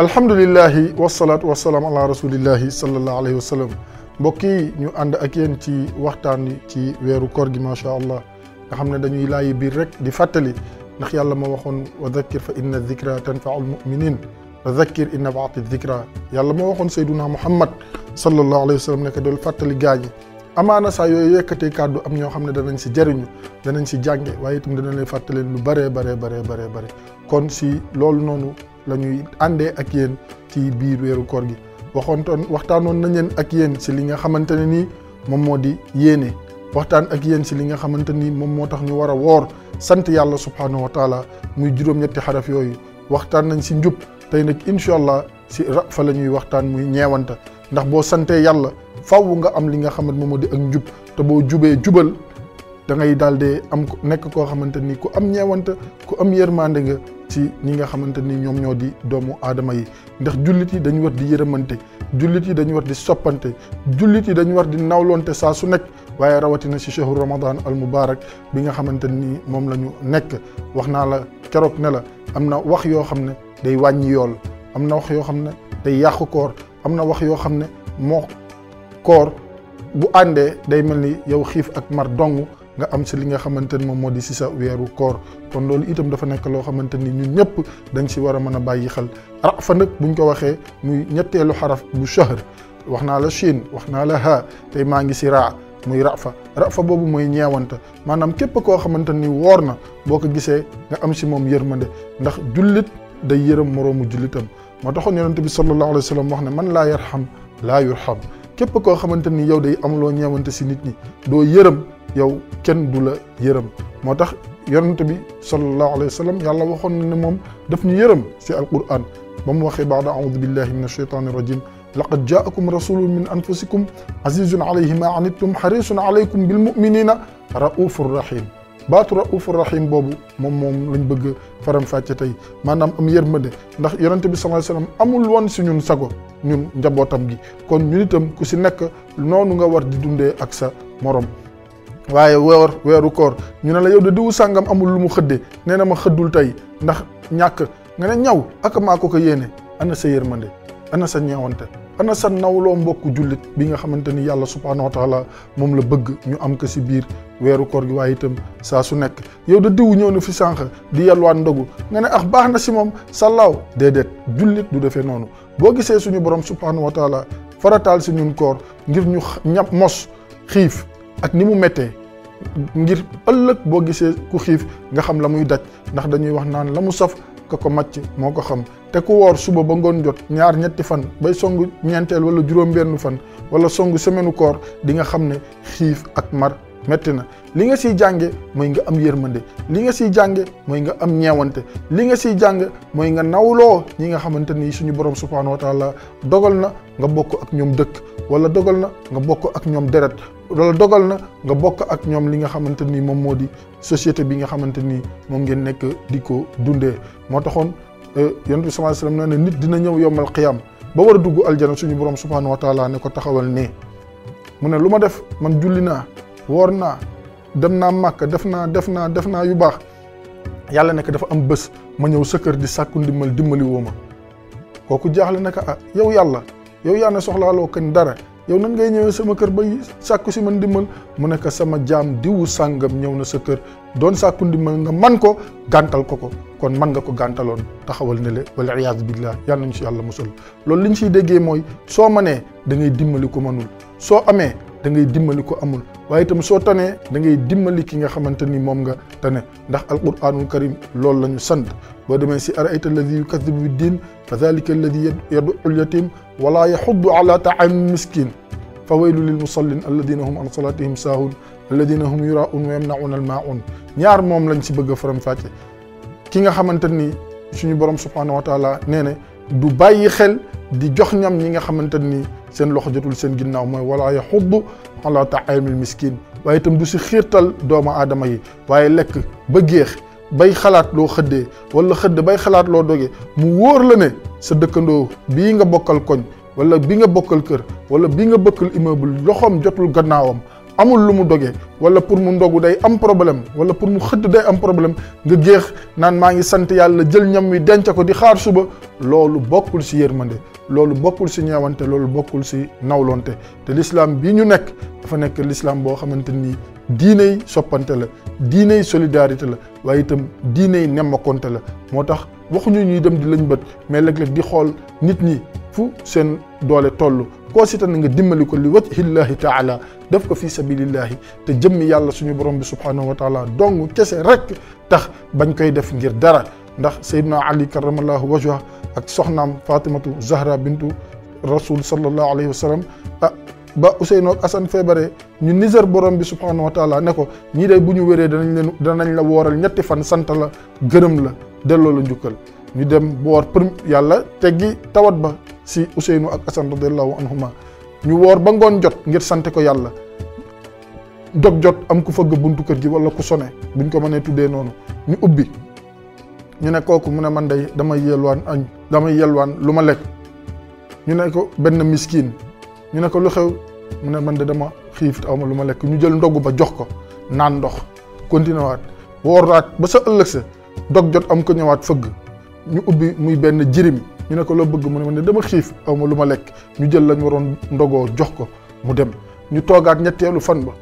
الحمد لله والصلاة والسلام على رسول الله صلى الله عليه وسلم بكي نيو عند أكين تي وقتان تي ويرو كورجي ما شاء الله نحمنا دنيو لاي بيرك دي فاتلي نخي الله ما وخون وذكر فإن الذكرى تنفع المؤمنين وذكر إن بعض الذكرى يالله ما وخون سيدنا محمد صلى الله عليه وسلم نكا دول فاتلي جاي أما أنا سايو يكتي كادو أم نيو دنان سي جرينيو دنان سي جانجي وايتم دنان لي فاتلي باري باري باري باري كون سي لول نونو la ñuy àndee ak yéen ci biir weeru koor gi waxoontoon waxtaanoon nañ leen ak yéen si li nga xamante ne nii moom moo di yéene waxtaan ak yéen si li nga xamante ni moom moo tax ñu war a woor sant yàlla subhaanahu wa muy juróom-ñetti xaraf yooyu waxtaan nañ si njub tey nag incha allah si fa la ñuy waxtaan muy ñeewante ndax boo santee yàlla faaw nga am li nga xamante moom moo di ak njub te boo jubee jubal dangay ngay daal di am nekk koo xamante ni ku am ñeewante ku am yërmande nga ci ñi nga xamante ni ñoom ñoo di doomu aadama yi ndax jullit yi dañu war di yërëmante jullit yi dañu war di soppante jullit yi dañu war di nawlonte saa su nekk waaye rawatina si shahru ramadan al mubarak bi nga xamante nii moom la ñu nekk wax naa la keroog ne la am na wax yoo xam ne day wàññi yool am na wax yoo xam ne day yàqu koor am na wax yoo xam ne moo koor bu àndee day mel ni yow xiif ak mar nga am ci li nga xamante ni moom moo di si sa weeru koor kon loolu itam dafa nekk loo xamante ni ñun ñëpp dañ war a mën a bàyyi xel nag buñ ko waxee muy ñetteelu xaraf bu shahr wax naa la shin wax naa la ha tey maa ngi si raa muy rafa rafa boobu mooy ñeewante maanaam képp koo xamante ni woor na boo ko gisee nga am si moom yërmande ndax jullit day yërëm moroomu jullitam moo taxoon bi sallallahu alayhi wa wax ne man laa yarham laa yurham képp koo xamante ni yow day amuloo ñeewante si nit ñi doo yërëm yow kenn du la yërëm moo tax yonent bi sallallahu alayhi wa sallam yàlla waxoon na ne moom daf ñu yërëm si alquran ba mu waxee baada audu billahi min alsheytani rajim laqad jaakum rasulun min anfusikum azizun alayhi ma anittum xarisun alaykum bilmuminina raufur rahim baatu raufur rahim boobu moom moom lañ bëgg faram-fàcce tey maanaam am yërmande ndax yonent bi sallallahu alayhi wa sallam amul woon si ñun sago ñun njabootam gi kon ñun itam ku si nekk noonu nga war di dundee ak sa morom waaye woor weeru koor ñu ne la yow de diwu sàngam amul lu mu xëdde nee na ma xëddul tey ndax ñàkk nga ne ñaw ak maa ko ko yéene ana sa yërmande ana sa ñeewante ana sa nawloo mbokku jullit bi nga xamante ni yàlla subhaanahu wa taala moom la bëgg ñu am ko si biir weeru koor gi waaye itam saa su nekk yow de diwu ñëw na fi sànq di yalwaan ndogu nga ne ax baax na si moom sallaaw déedéet jullit du defee noonu boo gisee suñu borom subhaanahu wa taala farataal si ñun koor ngir ñu ñap mos xiif ak ni mu méttee ngir ëllëg boo gisee ku xiif nga xam la muy daj ndax dañuy wax naan la mu saf ka ko macc moo ko xam te ku woor suba ba ngoon jot ñaar ñetti fan bay song ñeenteel wala juróom-benn fan wala song semaine koor di nga xam ne xiif ak mar metti na li nga siy jànge mooy nga am yërmande li nga siy jànge mooy nga am ñeewante li nga siy jàng mooy nga nawloo ñi nga xamante suñu borom subhanahu wa taala dogal na nga bokk ak ñoom dëkk wala dogal na nga bokk ak ñoom deret wala dogal na nga bokk ak ñoom li nga xamante ni moom moo di société bi nga xamante ni ngeen nekk di ko dundee moo taxoon euh, bi sallallahu alayhi wasallam na nit dina ñëw yombal qiyam ba war dugg aljana suñu borom subhanahu wa taala ne ko taxawal ne lu ma def man woor naa dem naa màkk def naa def naa def naa yu baax yàlla nekk dafa am bés ma ñëw sa kër di sàkku ndimbal dimbali woo ma kooku jaaxle naka ah yow yàlla yow yaa ne soxlaaloo kenn dara yow nan ngay ñëwee sama kër ba sàkku si man ndimbal mu nekk sama jaam diwu sàngam ñëw na sa kër doon sàkku ndimbal nga man ko gàntal ko ko kon man nga ko gàntaloon taxawal ne le wala iyaas billah yàlla nañ si yàlla musal loolu li ñu siy déggee mooy soo manee da ngay dimbali ko manul soo amee da ngay dimbali ko amul waye tam so tané da ngay dimbali ki nga xamanteni mom nga tane ndax alquranul karim loolu lañu sant bo démé ci araayta alladi yukadibu biddin fa dalika alladhi yadu al-yatim wa la yahuddu ala ta'am miskin fa waylu lil musallin alladhina hum an salatihim sahun alladhina hum yuraun wa yamnaun al-ma'un ñaar mom lañ ci bëgg faram faati ki nga xamanteni suñu borom subhanahu wa taala néné du bàyyi xel di jox ñam ñi nga xamanteni ni seen loxo jotul seen ginnaw moy wala ya hubbu ala taamil miskin waye tam du ci xirtal dooma adama yi waye lek ba géex bay xalaat lo xëdde wala xëdd bay xalaat lo doge mu wóor la ne sa dekkando bi nga bokkal koñ wala bi nga bokkal kër wala bi nga bokkal immeuble loxom jotul gannaawam amul lu mu doge wala pour mu ndogu day am problème wala pour mu xëdd day am problème nga géex naan maa ngi sant yàlla jël ñam mi denc ko di xaar suba loolu bokkul si yërmande loolu bokkul si ñeewante loolu bokkul si nawlonte te lislaam bi ñu nekk dafa nekk lislaam boo xamante ni diinay soppante la diiney solidarité la waaye itam diiney nemmakonte la moo tax waxuñu ñuy dem di lañ bët mais léeg-léeg di xool nit ñi fu seen doole toll koo si tan nga dimbali ko li wajhillahi taala def ko fi sabilillahi te jëmmi yàlla suñu borom bi subhanahu wa taala dong kese rek tax bañ koy def ngir dara ndax sayduna ali karamallahu wajha ak soxnaam fatimatu zahra bintu rasul sallallahu alayhi wa sallam ah ba Ousseynou ak Assane feebare ñu niser borom bi subhanahu wa ne ko ñii day bu ñu wéree danañ leen danañ la wooral ñetti fan sant la gërëm la delloo la njukkal ñu dem woor premier yàlla teggi tawat ba si Ousseynou ak Assane radiallahu anhuma ñu woor ba ngoon jot ngir sante ko yàlla dog jot am ku fëgg buntu kër gi wala ku sone buñ ko mënee tuddee noonu ñu ubbi ñu ne kooku mu ne man day damay yelwaan añ damay yelwaan lu ma lekk ñu ne ko benn miskin ñu ne ko lu xew mu ne man de dama xiif aw ma lu ma lekk ñu jël ndogu ba jox ko naan ndox continué waat ba sa ëllëg sa dog jot am ko ñëwaat fëgg ñu ubbi muy benn jirim ñu ne ko loo bëgg mu ne man de dama xiif aw ma lu ma lekk ñu jël lañ waroon ndogoo jox ko mu dem ñu toogaat ñetteelu fan ba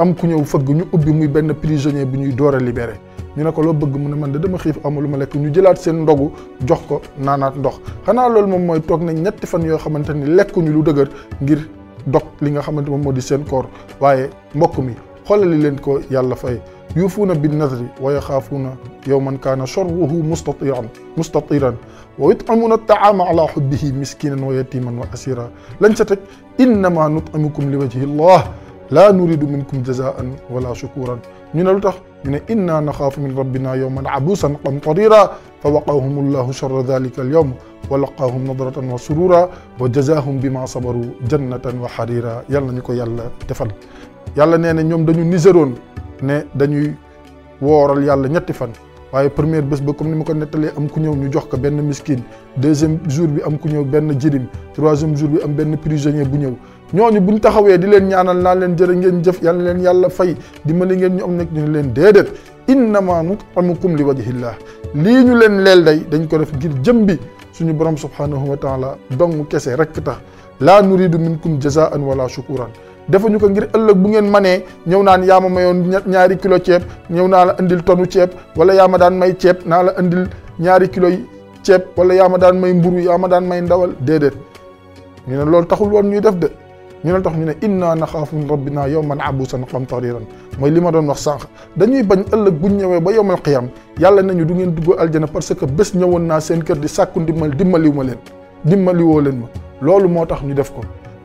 am ku ñëw fëgg ñu ubbi muy benn prisonnier bi ñuy door a libéré ñu ne ko loo bëgg mu ne man de dama xiif amul lu ma lekk ñu jëlaat seen ndogu jox ko naanaat ndox xanaa loolu moom mooy toog na ñetti fan yoo xamante ni lekkuñu lu dëgër ngir dog li nga xamante moom moo di seen koor waaye mbokk mi xolali leen ko yàlla fay yuufuuna bin nadri wa yaxaafuuna yowman kaana sharruhu mustatiran mustatiran wa yutcimuuna altacaama ala xubbihi miskinan wa yatiman wa asira lañ sa teg innama nutcimukum li wajhi لا نريد منكم جزاء ولا شكورا من لتخ من إنا نخاف من ربنا يوما عبوسا قمطريرا فوقاهم الله شر ذلك اليوم ولقاهم نظرة وسرورا وجزاهم بما صبروا جنة وحريرا يلا نيكو يلا تفل يلا نينا نيوم دانيو نيزرون ني دانيو وورال يلا نتفن waye premier bes ba comme ni mako netale am ku ñew ñu jox ko ben miskin deuxième jour bi am ku ñew ben jirim troisième jour bi am ben prisonnier bu ñew ñooñu buñ taxawee di leen ñaanal naa leen jërë ngeen jëf yal na leen yàlla fay dimbali ngeen ñu am nag ñu ne leen déedéet innama nut'imukum li wajhillah lii ñu leen leel day dañ ko def ngir jëm bi suñu borom subhanahu wa taala dong kese rekk tax laa nuridu minkum jazaan wala shukuran defuñu ko ngir ëllëg bu ngeen manee ñëw naan yaa ma mayoon ñaari kilo ceeb ñëw naa la indil tonu ceeb wala yaa ma daan may ceeb naa la indil ñaari kilo yi ceeb wala yaa ma daan may mburu yaa ma daan may ndawal déedéet loolu taxul woon ñuy def de ñu ne tax ñu ne inna nakhafu min rabbina yawman abusan qamtariran moy li ma doon wax sank dañuy bañ ëlëk bu ñëwee ba yowmal qiyam yàlla nañu du ngeen duggu aljana parce que bés ñëwoon naa seen kër di sàkku ndimmal dimbaliwu ma leen dimbaliwoo leen ma loolu moo tax ñu def ko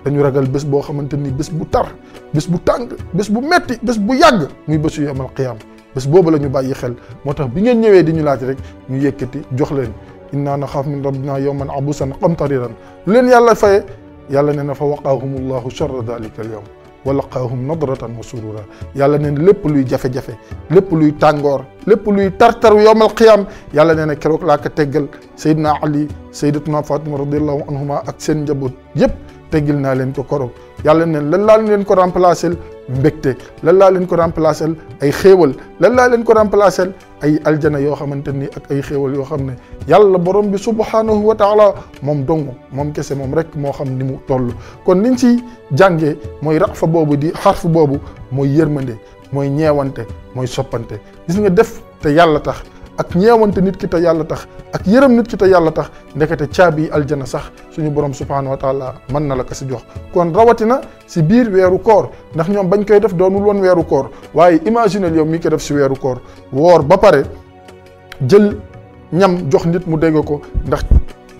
dañu ragal bés boo xamante ni bés bu tar bés bu tàng bés bu metti bés bu yàgg muy bésu yowmal qiyam bés boobu la ñu bàyyi xel moo tax bi ngeen ñëwee di ñu laaj rek ñu yëkkati jox leen inna nakhafu min rabbina yawman abusan qamtariran lu leen yàlla faye يلا نينا فوقاهم الله شر ذلك اليوم ولقاهم نظرة وسرورا يلا نينا لب لوي جفة جفة لب لوي تانغور لب لوي ترتر يوم القيام يلا نينا كروك لاك تجل سيدنا علي سيدتنا فاطمة رضي الله عنهما أكسن جبوت يب تجلنا لين كوكرو يلا نينا للا لين كورام بلاسيل mbégte lan laa leen ko remplacer ay xéewal lan laa leen ko remplacer ay aljana yoo xamante ni ak ay xéewal yoo xam ne yàlla borom bi subhanahu wa taala moom dong moom kese moom rek moo xam ni mu toll kon niñ ci jàngee mooy rafa boobu di xarf boobu mooy yërmande mooy ñeewante mooy soppante gis nga def te yàlla tax ak ñeewante nit ki te yàlla tax ak yërëm nit ki te yàlla tax ndekete caabi yi aljana sax suñu borom subhaanahu wa taala mën na la ko si jox kon rawatina si biir weeru koor ndax ñoom bañ koy def doonul woon weeru koor waaye imaginel yow mi ko def si weeru koor woor ba pare jël ñam jox nit mu dégg ko ndax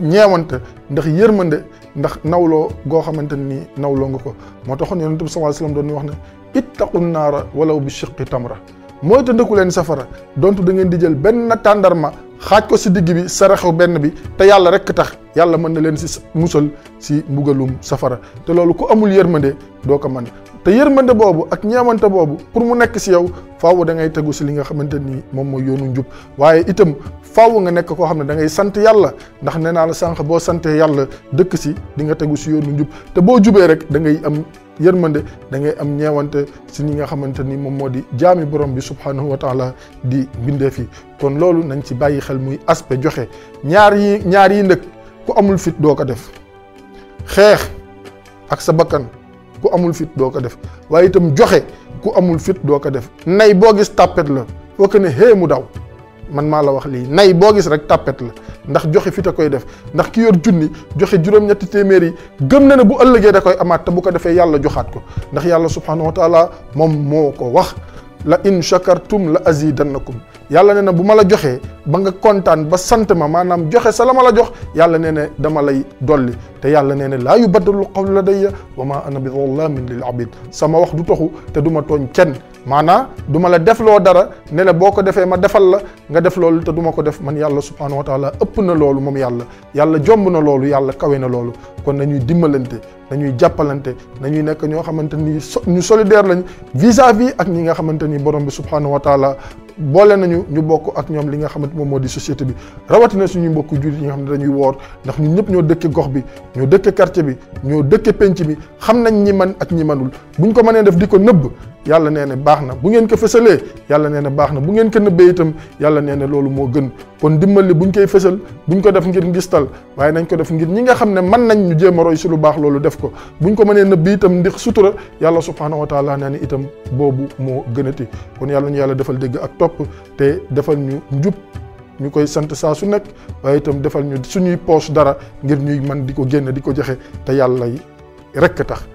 ñeewante ndax yërmande ndax nawloo goo xamante ni nawloo nga ko moo taxoon yonent bi sallallahu alayhi wasallam doon wax ne ittaqu naara walaw bi shiqqi tamra mooy tëndaku leen safara dont da ngeen di jël benn tàndarma xaaj ko si digg bi saraxu benn bi te yàlla rekk tax yàlla mën na leen si musal si mbugalum safara te loolu ku amul yërmande doo ko mën te yërmande boobu ak ñeewante boobu pour mu nekk si yow faaw dangay tegu si li nga xamante ni moom mooy yoonu njub waaye itam faaw nga nekk koo xam ne da ngay sant yàlla ndax nee naa la sànq boo santee yàlla dëkk si di nga tegu si yoonu njub te boo jubee rek da ngay am yërmande da ngay am ñeewante si ñi nga xamante ni moom moo di jaami borom bi subhanahu wa taala di bindee fii kon loolu nañ ci bàyyi xel muy aspect joxe ñaar yi ñaar yi ndëkk ku amul fit doo ko def xeex ak sa bakkan ku amul fit doo ko def waaye itam joxe ku amul fit doo ko def nay boo gis tàppet la foo ko ne xée mu daw man ma la wax li nay bo gis rek tàppet la ndax joxe fi takoy def ndax ki yor jooni joxe juróom-ñetti téeméer yi gëm na ne bu ëllëgé da koy amaat te bu ko défé yàlla joxaat ko ndax yàlla subhanahu wa taala mom moko wax la in shakartum la azidannakum yàlla nee na bu ma la joxee ba nga kontaan ba sant ma maanaam joxe sa la ma la jox yàlla nee na dama lay dolli te yàlla nee na laa yubaddalu qawlu ladayya wa ma ana bi zallamin lil abid sama wax du taxu te duma tooñ kenn maanaa du ma la defloo dara ne boo ko defee ma defal la nga def loolu te duma ko def man yàlla subhanahu wa taala ëpp na loolu moom yàlla yàlla jomb na loolu yàlla kawe na loolu kon nañuy dimbalante nañuy jàppalante nañuy nekk ñoo xamante ni ñu solidaire lañ vis-à-vis ak ñi nga xamante ni borom bi subhanahu wa boole nañu ñu bokk ak ñoom li nga xamante moom moo di société bi rawatina suñu mbokku jullit yi nga xam ne dañuy woor ndax ñu ñëpp ñoo dëkke gox bi ñoo dëkke quartier bi ñoo dëkke penc bi xam nañ ñi man ak ñi manul buñ ko mënee def di ko nëbb yàlla nee na baax na bu ngeen ko fësalee yàlla nee na baax na bu ngeen ko nëbbee itam yàlla nee na loolu moo gën kon dimbali buñ koy fësal buñ ko def ngir ngistal waaye nañ ko def ngir ñi nga xam ne mën nañ ñu jéem a roy si loolu def ko buñ ko mënee nëbb itam ndax sutura yàlla subhaanahu wa taala nee na itam boobu moo gënati kon yàlla ñu yàlla defal dégg ak topp te defal ñu njub ñu koy sant saa su nekk waaye itam defal ñu suñuy poche dara ngir ñuy man di ko génn di ko joxe te yàlla rek tax